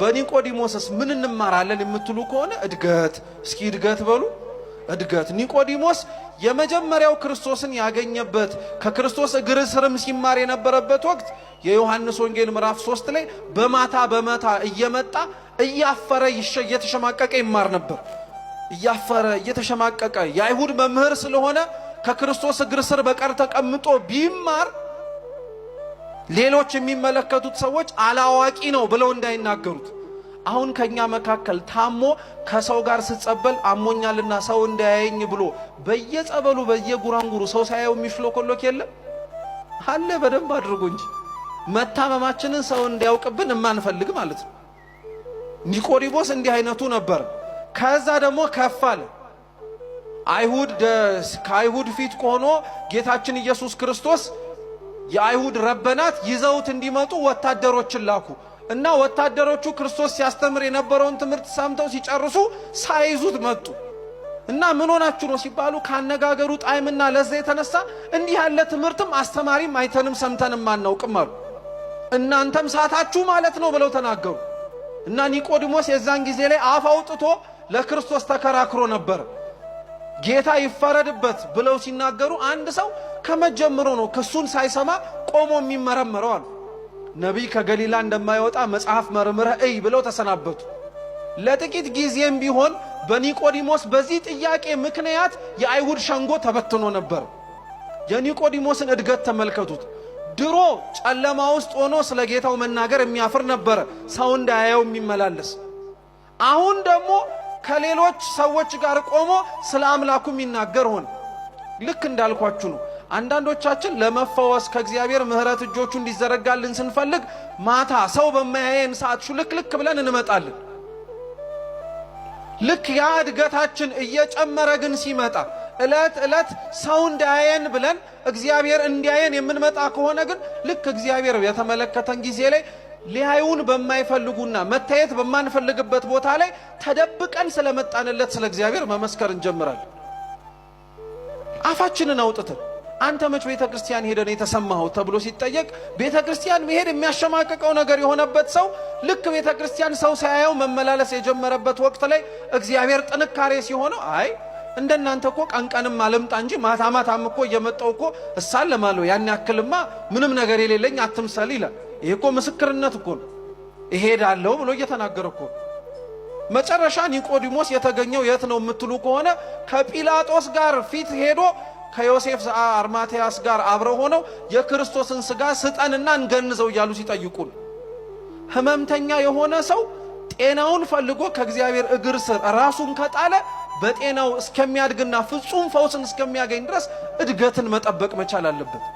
በኒቆዲሞስስ ምን እንማራለን የምትሉ ከሆነ እድገት፣ እስኪ እድገት በሉ እድገት። ኒቆዲሞስ የመጀመሪያው ክርስቶስን ያገኘበት ከክርስቶስ እግር ስርም ሲማር የነበረበት ወቅት የዮሐንስ ወንጌል ምዕራፍ ሶስት ላይ በማታ በመታ እየመጣ እያፈረ እየተሸማቀቀ ይማር ነበር። እያፈረ እየተሸማቀቀ የአይሁድ መምህር ስለሆነ ከክርስቶስ እግር ስር በቀር ተቀምጦ ቢማር ሌሎች የሚመለከቱት ሰዎች አላዋቂ ነው ብለው እንዳይናገሩት። አሁን ከኛ መካከል ታሞ ከሰው ጋር ስጸበል አሞኛልና ሰው እንዳያየኝ ብሎ በየጸበሉ በየጉራንጉሩ ሰው ሳያየው የሚሽሎኮሎክ የለም አለ። በደንብ አድርጎ እንጂ መታመማችንን ሰው እንዲያውቅብን የማንፈልግ ማለት ነው። ኒቆዲሞስ እንዲህ አይነቱ ነበር። ከዛ ደግሞ ከፍ አለ። አይሁድ ከአይሁድ ፊት ሆኖ ጌታችን ኢየሱስ ክርስቶስ የአይሁድ ረበናት ይዘውት እንዲመጡ ወታደሮችን ላኩ እና ወታደሮቹ ክርስቶስ ሲያስተምር የነበረውን ትምህርት ሰምተው ሲጨርሱ ሳይዙት መጡ እና ምን ሆናችሁ ነው ሲባሉ ካነጋገሩ ጣዕምና ለዛ የተነሳ እንዲህ ያለ ትምህርትም አስተማሪም አይተንም ሰምተንም አናውቅም አሉ። እናንተም ሳታችሁ ማለት ነው ብለው ተናገሩ እና ኒቆዲሞስ የዛን ጊዜ ላይ አፍ አውጥቶ ለክርስቶስ ተከራክሮ ነበር። ጌታ ይፈረድበት ብለው ሲናገሩ አንድ ሰው ከመጀመሩ ነው ክሱን ሳይሰማ ቆሞ የሚመረመረው አሉ። ነቢይ ከገሊላ እንደማይወጣ መጽሐፍ መርምረህ እይ ብለው ተሰናበቱ። ለጥቂት ጊዜም ቢሆን በኒቆዲሞስ በዚህ ጥያቄ ምክንያት የአይሁድ ሸንጎ ተበትኖ ነበር። የኒቆዲሞስን እድገት ተመልከቱት። ድሮ ጨለማ ውስጥ ሆኖ ስለ ጌታው መናገር የሚያፍር ነበር ሰው እንዳያየው የሚመላለስ አሁን ደግሞ ከሌሎች ሰዎች ጋር ቆሞ ስለ አምላኩ የሚናገር ሆነ። ልክ እንዳልኳችሁ ነው። አንዳንዶቻችን ለመፈወስ ከእግዚአብሔር ምሕረት እጆቹ እንዲዘረጋልን ስንፈልግ ማታ ሰው በማያየን ሰዓት ሹልክልክ ብለን እንመጣለን። ልክ ያ እድገታችን እየጨመረ ግን ሲመጣ እለት እለት ሰው እንዳያየን ብለን እግዚአብሔር እንዲያየን የምንመጣ ከሆነ ግን ልክ እግዚአብሔር የተመለከተን ጊዜ ላይ ሊያዩን በማይፈልጉና መታየት በማንፈልግበት ቦታ ላይ ተደብቀን ስለመጣንለት ስለ እግዚአብሔር መመስከር እንጀምራለን። አፋችንን አውጥተን አንተ መች ቤተ ክርስቲያን ሄደን የተሰማኸው ተብሎ ሲጠየቅ ቤተ ክርስቲያን መሄድ የሚያሸማቅቀው ነገር የሆነበት ሰው ልክ ቤተ ክርስቲያን ሰው ሳያየው መመላለስ የጀመረበት ወቅት ላይ እግዚአብሔር ጥንካሬ ሲሆነው አይ እንደናንተ እኮ ቀን ቀንም እንጂ ማታ ማታም እኮ እየመጣው እኮ እሳለማለሁ። ያን ያክልማ ምንም ነገር የሌለኝ አትምሰል ይላል። ይሄ እኮ ምስክርነት እኮ ነው። እሄዳለሁ ብሎ እየተናገረ እኮ መጨረሻ ኒቆዲሞስ የተገኘው የት ነው የምትሉ ከሆነ ከጲላጦስ ጋር ፊት ሄዶ ከዮሴፍ አርማቴያስ ጋር አብረው ሆነው የክርስቶስን ስጋ ስጠንና እንገንዘው እያሉ ሲጠይቁን ህመምተኛ የሆነ ሰው ጤናውን ፈልጎ ከእግዚአብሔር እግር ስር ራሱን ከጣለ በጤናው እስከሚያድግና ፍጹም ፈውስን እስከሚያገኝ ድረስ እድገትን መጠበቅ መቻል አለበት።